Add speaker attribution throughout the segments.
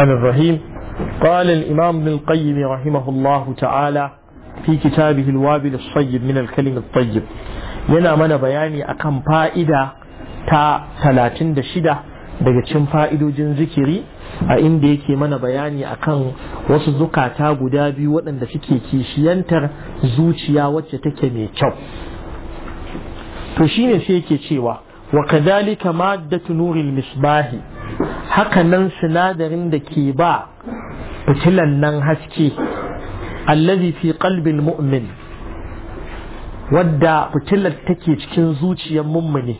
Speaker 1: الرحمن الرحيم قال الإمام ابن القيم رحمه الله تعالى في كتابه الوابل الصيب من الكلم الطيب yana mana bayani akan fa'ida ta talatin da shida daga cikin fa'idojin zikiri a inda yake mana bayani akan wasu zukata guda biyu waɗanda suke kishiyantar zuciya wacce take mai kyau to shine sai yake cewa wa kadhalika maddatu nuril misbahi hakanan sinadarin da ke ba fitilan nan haske allazi fi qalbil mu'min wadda fitilar take cikin zuciyar mummuni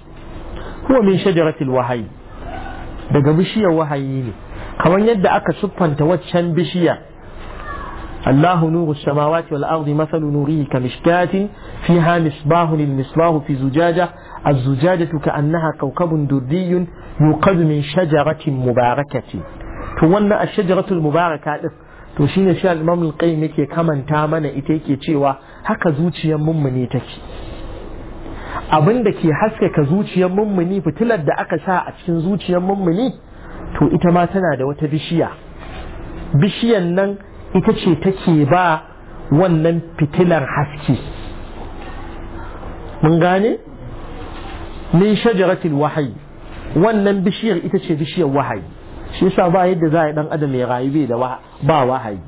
Speaker 1: huwa min shajaratil wahayi daga bishiyar wahayi ne kamar yadda aka siffanta waccan bishiya الله نور السماوات والأرض مثل نوره كمشكاة فيها مصباح المصباح في زجاجة الزجاجة كأنها كوكب دردي yuqad min shajaratin mubarakati to wannan ash-shajaratul mubaraka din to shine shi al-imam al-qayyim yake kamanta mana ita yake cewa haka zuciyar mummuni take abin da ke haskaka zuciyar mummuni fitilar da aka sa a cikin zuciyar mummuni to ita ma tana da wata bishiya bishiyan nan ita ce take ba wannan fitilar haske mun gane min shajaratul wahayi wannan bishiyar ita ce bishiyar wahayi shi yasa ba yadda za a yi dan adam ya rayu bai da ba wahayi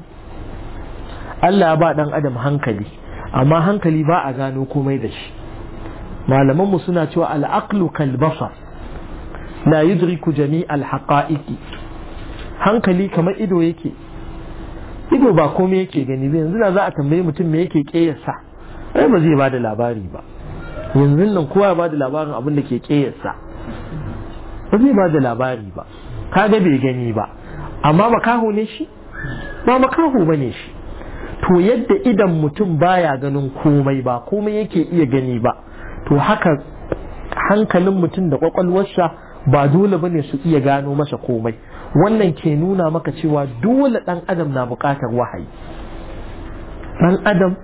Speaker 1: Allah ba ɗan adam hankali amma hankali ba a gano komai da shi malaman mu suna cewa alaklu aqlu kal basar la yudriku jami'al haqa'iqi hankali kamar ido yake ido ba komai yake gani ba yanzu da za a tambaye mutum me yake kiyasa ai ba zai ba da labari ba yanzu nan kowa ba da labarin abin da ke kiyasa ba zai ba da labari ba ka ga bai gani ba amma makaho ne shi ba makaho ba ne shi to yadda idan mutum baya ganin komai ba komai yake iya gani ba to haka hankalin mutum da kwakwalwarsa ba dole ba ne su iya gano masa komai wannan ke nuna maka cewa dole ɗan adam na buƙatar wahayi Ɗan adam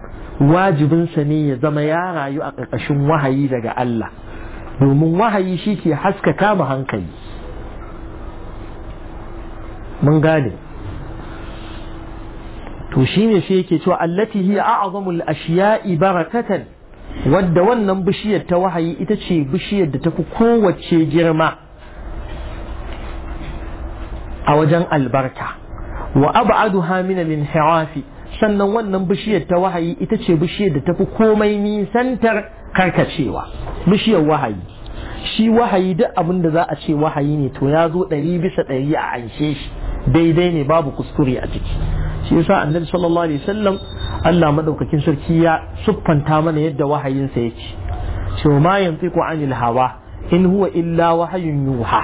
Speaker 1: wajibinsa ne ya zama ya rayu a ƙarƙashin wahayi daga Allah domin wahayi shi ke haska mu hankali mun gane to shine shi yake cewa allati hi a'zamul ashiya'i barakatan wadda wannan bishiyar ta wahayi ita ce bishiyar da tafi kowace girma a wajen albarka wa ab'aduha min al-inhirafi sannan wannan bishiyar ta wahayi ita ce bishiyar da tafi komai nisantar karkacewa bishiyar wahayi shi wahayi duk abin da za a ce wahayi ne to ya zo ɗari bisa ɗari a anshe shi daidai ne babu kuskure a ciki shi yasa annabi sallallahu alaihi wasallam Allah madaukakin sarki ya siffanta mana yadda wahayinsa yake cewa ma yantiqu anil hawa in huwa illa wahayun yuha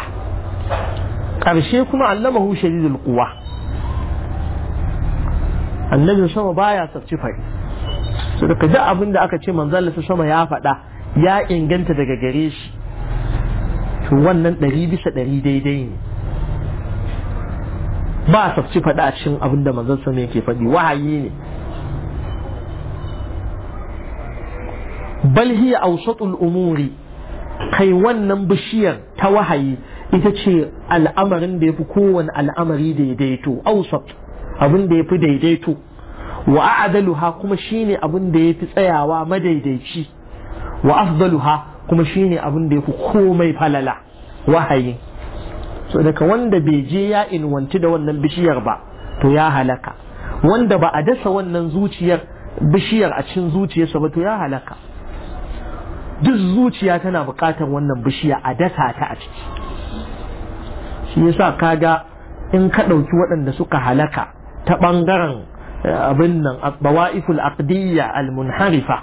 Speaker 1: karshe kuma allamahu shadidul quwa annabi sama baya sarci fari su duk abin da aka ce manzon Allah sama ya faɗa ya inganta daga gare shi to wannan ɗari bisa ɗari daidai ne ba a faɗa a cikin abin da manzon sama yake faɗi wahayi ne bal hiya awsatul umuri kai wannan bishiyar ta wahayi ita ce al'amarin da ya fi kowane al'amari daidaito ausat abin da ya fi daidaito wa a'daluha kuma shine abin da yafi tsayawa madaidaici wa afdaluha kuma shine abin da yafi komai falala wahayi so daga wanda bai je ya inwanti da wannan bishiyar ba to ya halaka wanda ba a dasa wannan zuciyar bishiyar a cikin zuciyarsa ba to ya halaka duk zuciya tana buƙatar wannan bishiya a dasa ta a ciki shi yasa kaga in ka ɗauki waɗanda suka halaka ta ɓangaren abin nan bawa'iful aqdiyya al-munharifa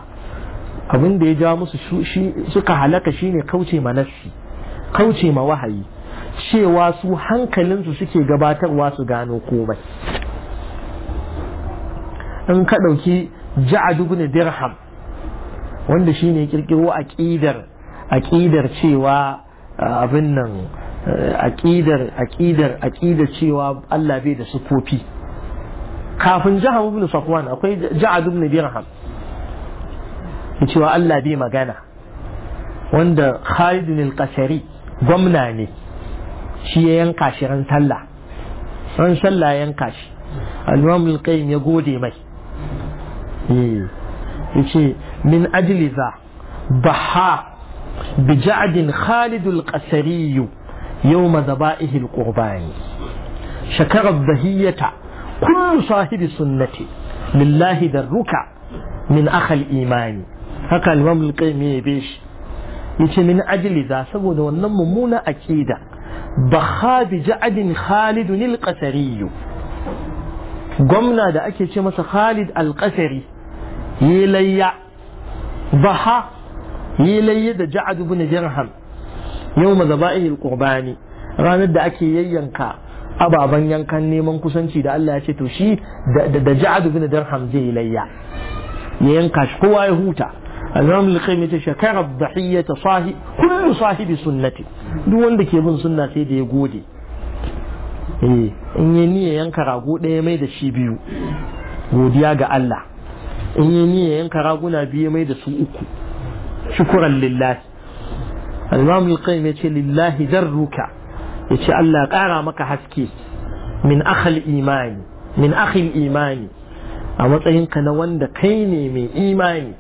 Speaker 1: abin da ya ja musu suka halaka shine kauce ma nafsi kauce ma wahayi cewa su hankalinsu suke gabatarwa su gano komai in ka ɗauki ja'ad ibn dirham wanda shine ya kirkiro aqidar aqidar cewa abin nan aqidar aqidar aqidar cewa Allah bai da sufofi kafin jihar ibn safwan akwai ja'ad ibn dirham cewa Allah bai magana wanda Khalid al-Qasari gwamna ne shi ya yanka shi ran sallah ran sallah ya yanka shi al-Imam al-Qayyim ya gode mai eh yace min ajli za baha bi ja'd Khalid al-Qasari يوم ذبائه القربان شكر الضحية kullu sahibi sunnati lillahi darruka min akhal imani haka al-imam al-qayyim ya yabe shi yace min ajli saboda wannan mummuna aqida bakha bi ja'adin khalid al gwamna da ake ce masa khalid al-qasari yi layya baha yi layya da ja'ad ibn dirham yawma zaba'il qurbani ranar da ake yayyanka ababen yankan neman kusanci da Allah ya ce to shi da ja'adu bin dirham zai layya ya yanka shi kowa ya huta al-imam al-qayyim ya ce shakara dhahiyyata sahi kullu sahibi sunnati duk wanda ke bin sunna sai da ya gode eh in ya niyya yanka rago ɗaya mai da shi biyu godiya ga Allah in ya niyya yanka raguna biyu mai da su uku shukran lillahi al al-qayyim ya ce lillahi jarruka ya ce Allah ƙara maka haske min akhal imani min akhil imani a matsayinka na wanda kai ne mai imani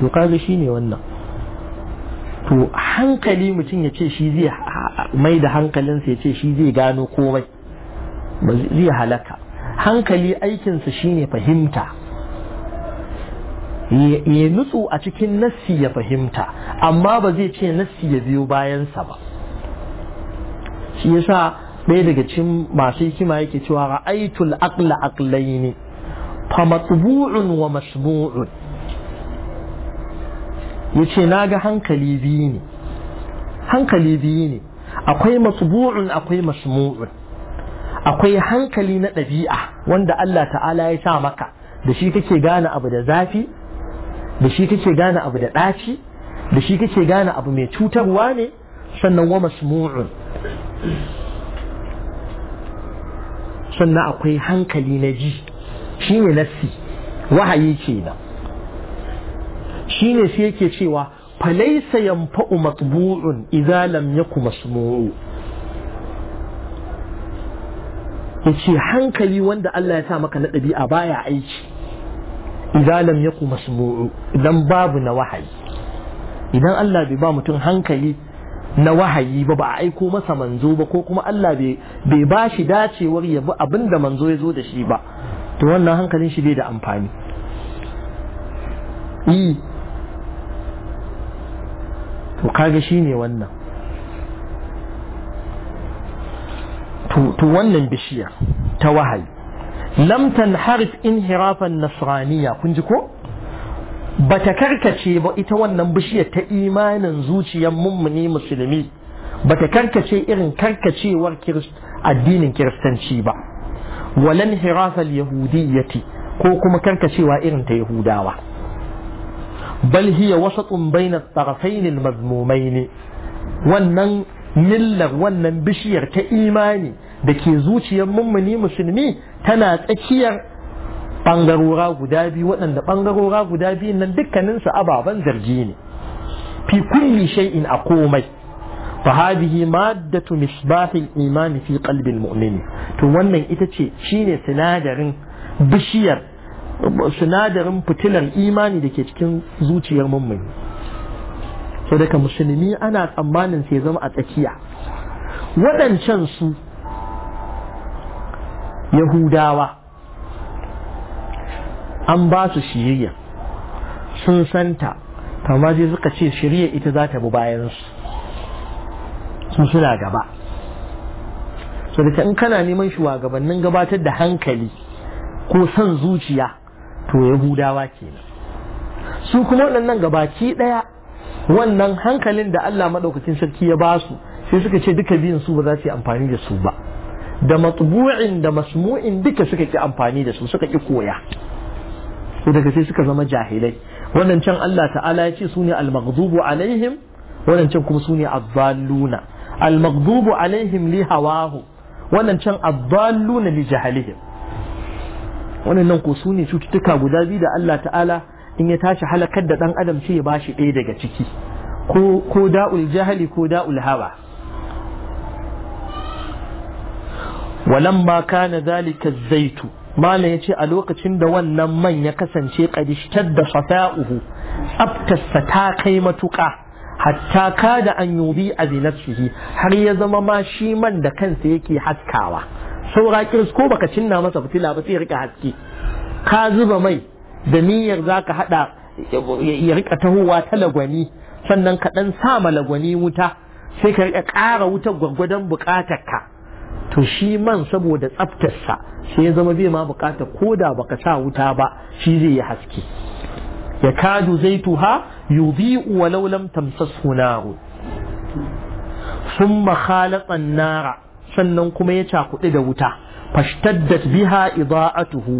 Speaker 1: to kaga shi ne wannan to hankali mutum ya ce shi zai mai da hankalinsa ya ce shi zai gano komai ba zai halaka hankali aikinsa ne fahimta ya nutsu a cikin nassi ya fahimta amma ba zai ce nassi ya biyo bayansa ba shi yasa ɗaya daga cikin masu hikima yake cewa ra'aitul aqla aqlaini fa matbu'un wa masbu'un yace naga hankali biyu ne hankali biyu ne akwai matbu'un akwai masmu'un akwai hankali na ɗabi'a wanda Allah ta'ala ya sa maka da shi kake gane abu da zafi da shi kake gane abu da ɗaci da shi kake gane abu mai cutarwa ne sannan wa masmu'un sannan akwai hankali na ji shi ne nassi wahayi ke nan shi ne sai yake cewa falaisa yanfa'u matbu'un idza lam yaku masmu'u yace hankali wanda Allah ya sa maka na ɗabi'a baya aiki idza lam yaku masmu'u idan babu na wahayi idan Allah bai ba mutum hankali na wahayi ba ba a aiko masa manzo ba ko kuma Allah bai ba shi dacewar ya bi abin da manzo ya zo da shi ba to wannan hankalin shi bai da amfani yi to kaga shi ne wannan to wannan bishiya ta wahayi Lamtan Harif inhirafan nasraniya kun ji ko bata karkace ba ita wannan bishiyar ta imanin zuciyar mummuni musulmi bata karkace irin karkacewar addinin kiristanci ba walan hirasal yahudiyyati ko kuma karkacewa irin ta yahudawa bal hiya wasatun bayna mazmumai ne. wannan millar wannan bishiyar ta imani da ke zuciyar mummuni musulmi tana tsakiyar ɓangarora guda biyu waɗanda ɓangarora guda biyun nan dukkaninsu ababen zargi ne fi kulli shay'in a komai fa hadhihi maddatu misbahil imani fi qalbil mu'mini to wannan ita ce shine sinadarin bishiyar sinadarin fitilar imani da ke cikin zuciyar mummuni so daga musulmi ana tsammanin sai zama a tsakiya waɗancan su yahudawa an ba su shiriya sun santa amma sai suka ce shiriya ita za ta bi bayan su sun suna gaba so da in kana neman shugabannin gabatar da hankali ko son zuciya to yahudawa kenan su kuma waɗannan gabaki ɗaya wannan hankalin da Allah maɗaukakin sarki ya ba su sai suka ce duka biyun su ba za su yi amfani da su ba da matbu'in da masmu'in duka suka ki amfani da su suka ki koya su daga sai suka zama jahilai wannan can Allah ta'ala ya ce su ne al-maghdubu alaihim wannan can kuma su ne al-maghdubu alaihim li hawahu wannan can ad li jahalihim wannan nan ko su ne cututtuka guda biyu da Allah ta'ala in ya tashi halakar da dan adam sai ya bashi ɗaya daga ciki ko ko da'ul jahali ko da'ul hawa ولما كان ذلك الزيت Malam ya ce a lokacin da wannan man ya kasance ƙadishtar da fasa'uhu tsaftarsa ta kai matuƙa hatta ka da an a a zinarsihi har ya zama ma shi man da kansa yake haskawa saura kiris ko baka cinna masa fitila ba sai rika haske ka zuba mai da niyyar za ka haɗa ya rika tahowa ta lagwani sannan ka ɗan sa ma lagwani wuta sai ka rika ƙara wutar gwargwadon ka. to shi man saboda tsaftarsa sai ya zama bai ma bukata ko da baka sa wuta ba shi zai yi haske ya kadu zaituha yudhi'u walau lam tamsashu narun thumma khalaqa an-nara sannan kuma ya cakudi da wuta fashtaddat biha idaa'atuhu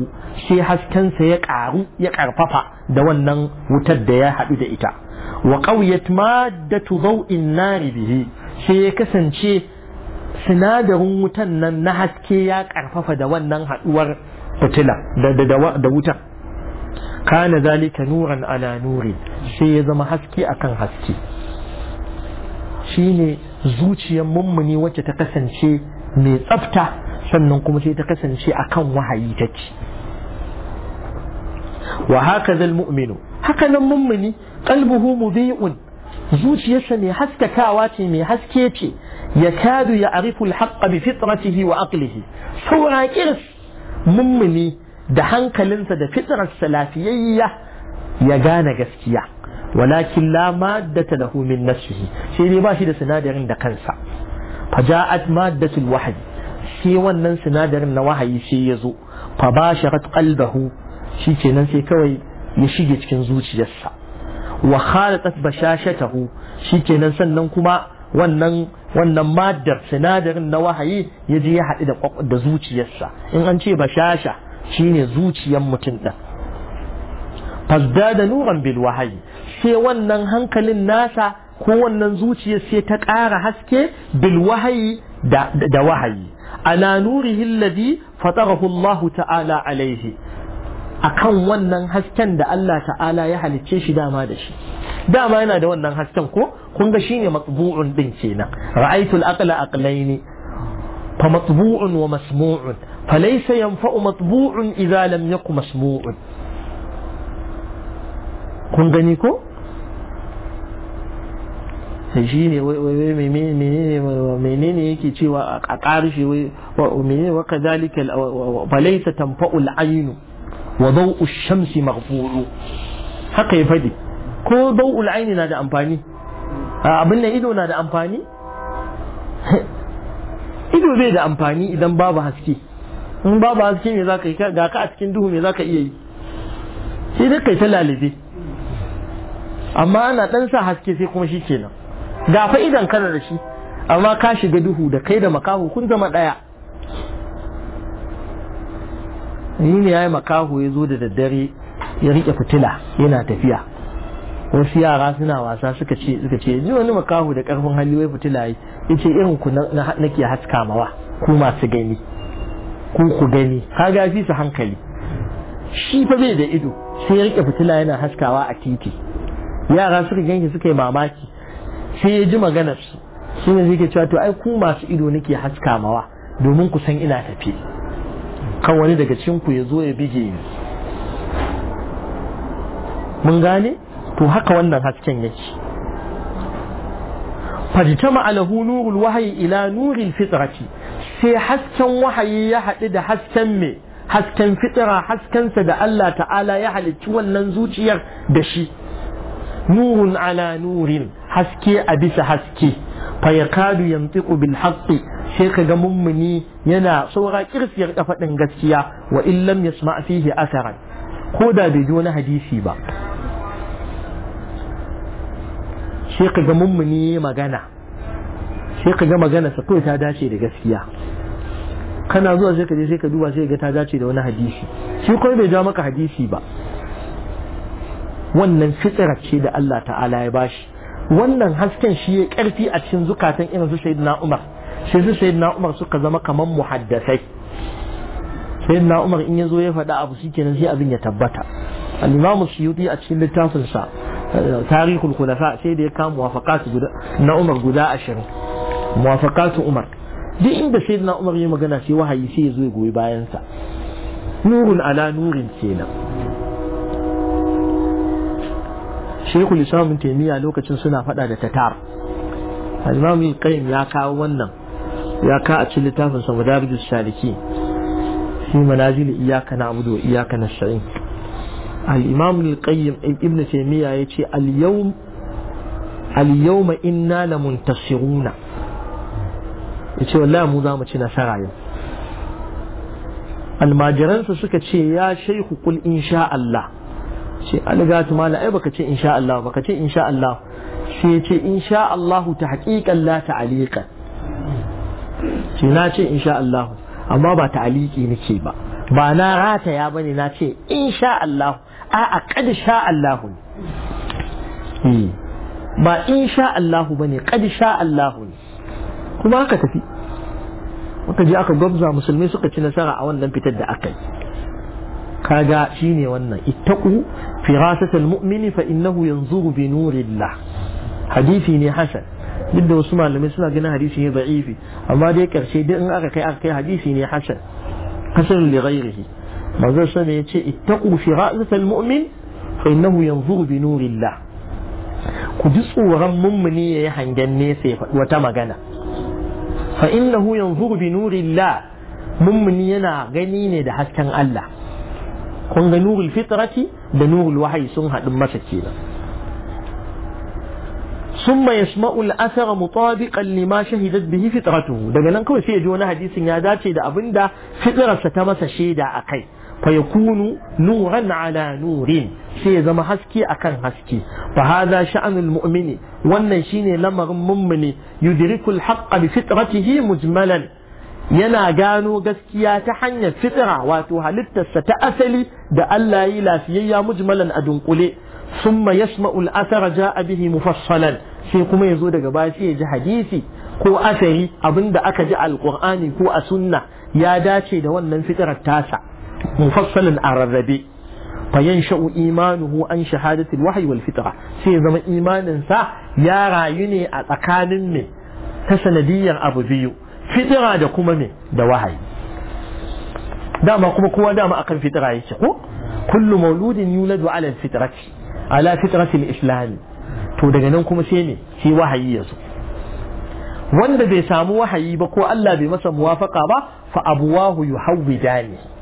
Speaker 1: sai haskensa ya ƙaru ya karfafa da wannan wutar da ya haɗu da ita wa qawiyat maddatu dhaw'in nari bihi sai ya kasance sinadarin wutan nan na haske ya karfafa da wannan haduwar fitila da wutan kana zalika nuran ala nuri sai ya zama haske akan haske shine zuciyar mummuni wacce ta kasance mai tsafta sannan kuma sai ta kasance akan wahayi ta ci. wa haka zal mu'minu haka nan mummuni kalbuhu mudhi'un zuciyarsa mai haskakawa ce mai haske ce يكاد يعرف الحق بفطرته وعقله هو كيرس ممني ده هنكلنسا ده فطرة السلافية يغانا جسكيا ولكن لا مادة له من نفسه سيدي باشي ده سنادر عند كنسا فجاءت مادة الوحي سيوان نن سنادر عند وحي سيزو فباشرت قلبه شيكي ننسي كوي يشيجي كنزوشي جسا وخالطت بشاشته شيكي ننسن ننكما ونن wannan maddar sinadarin na wahayi ya je ya haɗu da zuciyarsa in an ce bashasha shine zuciyar mutum ɗin fasda da nuran bil wahayi sai wannan hankalin nasa ko wannan zuciyar sai ta ƙara haske bil wahayi da wahayi ala nuri alladhi fatarahu Allah ta'ala alaihi akan wannan hasken da Allah ta'ala ya halicce shi dama da shi dama yana da wannan hasken ko kun ga shine matbu'un din kenan ra'aytu al-aqla aqlaini fa matbu'un wa masmu'un fa laysa yanfa'u matbu'un idza lam yakun masmu'un kun gani ko sai shi ne menene yake cewa a ƙarshe menene wa kadhalika falaysa tanfa'u al-aynu wa daw'u ash-shamsi maghfuru haka ya fadi ko bau'ul aini na da amfani abin nan ido na da amfani ido zai da amfani idan babu haske in babu haske me zaka yi ga ka a cikin duhu me zaka iya yi sai dai kai ta lalibe amma ana dan sa haske sai kuma shikenan ga fa idan kana da shi amma ka shiga duhu da kai da makaho kun zama daya ni ne yayi makaho ya zo da daddare ya rike fitila yana tafiya wasu yara suna wasa suka ce suka ce ji wani makahu da karfin hali wai fitila yi yace irin ku nake haska mawa ku masu gani ku ku gani Ka fi su hankali shi fa bai da ido sai ya rike fitila yana haskawa a titi yara suka ganki suka yi mamaki sai ya ji maganar su shi ne zai cewa to ai ku masu ido nake haska mawa domin ku san ina tafi kan wani daga cinku ya zo ya bige ni mun gane to haka wannan hasken yake fajtama alahu nurul wahayi ila nuril fitrati sai hasken wahayi ya haɗu da hasken me hasken fitira haskensa da Allah ta'ala ya halicci wannan zuciyar da shi nurun ala nurin haske a bisa haske fa yakadu yantiqu bil haqqi sai ka ga mummuni yana saura kirsiyar kafaɗin gaskiya wa illam yasma fihi asaran ko da bai ji wani hadisi ba sai ka ga mummuni magana sai ka ga magana sa kawai ta dace da gaskiya kana zuwa sai ka je sai ka duba sai ga ta dace da wani hadisi shi kawai bai ja maka hadisi ba wannan fitsara ce da Allah ta'ala ya bashi wannan hasken shi ya karfi a cikin zukatan irin su sayyidina Umar sai su sayyidina Umar suka zama kaman muhaddasai sayyidina Umar in ya zo ya faɗa abu shikenan sai abin ya tabbata al-Imam Suyuti a cikin littafinsa. tarihul khulafa sai da ya kama muwafaqat guda na Umar guda ashirin muwafaqat Umar duk inda sayyidina Umar ya magana sai wahayi sai ya zo ya goyi bayan sa nurun ala nurin kenan Sheikhul Islam Taymiyyah lokacin suna fada da Tatar Al-Imam Qayyim ya kawo wannan ya ka a cikin littafin sa Madarijus Saliki fi manazil iyyaka na'budu wa iyyaka nasta'in al-imam al-qayyim ibn taymiya yace al-yawm al-yawma inna lamuntasiruna yace wallahi mu za mu ci nasara yau almajiransa suka ce ya shaihu kul insha Allah ce algatu mala ai baka ce insha Allah baka ce insha Allah sai ya ce insha Allah ta haqiqan la ta'aliqan ce na ce insha Allah amma ba ta ta'aliki nake ba ba na rataya bane na ce insha Allah a'a kad sha Allahu hmm. ba in sha Allahu bane kad sha Allahu kuma haka tafi muka je aka gwabza musulmi suka ci nasara a wannan fitar da aka yi kaga shine wannan ittaqu firasatal mu'mini fa innahu yanzuru bi nurillah hadisi ne hasan duk da wasu malamai suna ganin hadisi ne da'ifi amma dai karshe duk in aka kai aka kai hadisi ne hasan hasan li ghairihi manzon sa ne yace ittaqu fira'atal mu'min fa innahu yanzuru bi nurillah ku ji tsoron mummuni yayi hangen nesa ya faɗi wata magana fa innahu yanzuru bi nurillah mummuni yana gani ne da hasken Allah kun ga nurul fitrati da nurul wahayi sun haɗu masa kenan ثم يسمع الاثر مطابقا لما شهدت به فطرته daga nan kawai sai ya ji wani hadisin ya dace da abinda fitrarsa ta masa shaida akai فيكون نورا على نور sai zama haske akan haske fa hadha sha'anul wannan shine lamarin mummuni yudrikul haqqa bi fitratihi mujmalan yana gano gaskiya ta hanyar fitra wato halittarsa ta asali da Allah yi lafiyayya mujmalan a dunkule summa yasma'ul athara ja'a bihi mufassalan sai kuma yazo daga baya ya ji hadisi ko asari abinda aka ji alqur'ani ko a sunna ya dace da wannan fitrar tasa mufassalin a rarrabe fayansha'u imanuhu an shahadatil wahyi wal fitra sai zama imanin sa ya rayu ne a tsakanin me ta sanadiyyar abu biyu fitira da kuma da wahayi dama kuma kowa dama akan fitira yake ko kullu mauludin yuladu ala fitrati ala fitrati al-islam to daga nan kuma sai ne sai wahayi yanzu. wanda bai samu wahayi ba ko Allah bai masa muwafaka ba fa abuwahu ne.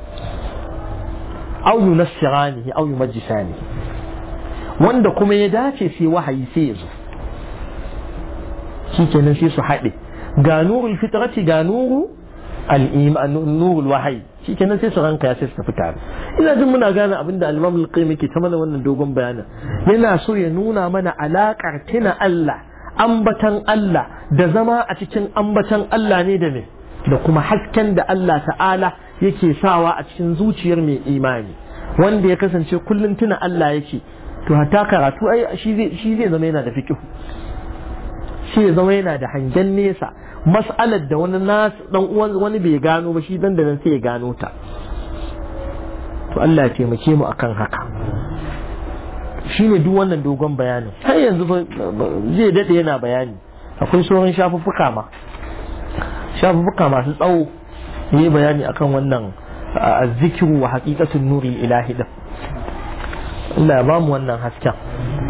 Speaker 1: aw yunassiranihi aw yumajjisani wanda kuma ya dace sai wahayi sai ya zo shi kenan sai su haɗe ga nurul fitrati ga nuru al-iman nurul wahayi shi kenan sai su ranka ya sai su tafi tare ina jin muna gane abin da al-imam al-qayyim yake ta mana wannan dogon bayanin yana so ya nuna mana alaƙar tuna Allah ambatan Allah da zama a cikin ambatan Allah ne da me. da kuma hasken da Allah ta'ala yake sawa a cikin zuciyar mai imani wanda ya kasance kullum tuna Allah yake to hatta karatu ai shi zai zama yana da fiqh shi ya zama yana da hangen nesa mas'alar da wani nas dan uwan wani bai gano ba shi dan da nan sai ya gano ta to Allah ya taimake mu akan haka shine duk wannan dogon bayanin har yanzu zai dade yana bayani akwai sauran shafuffuka ma shafuffuka masu tsawo yi bayani akan wannan a zikiru wa haqiqatul nuri ilahi ɗin Allah ya bamu wannan hasken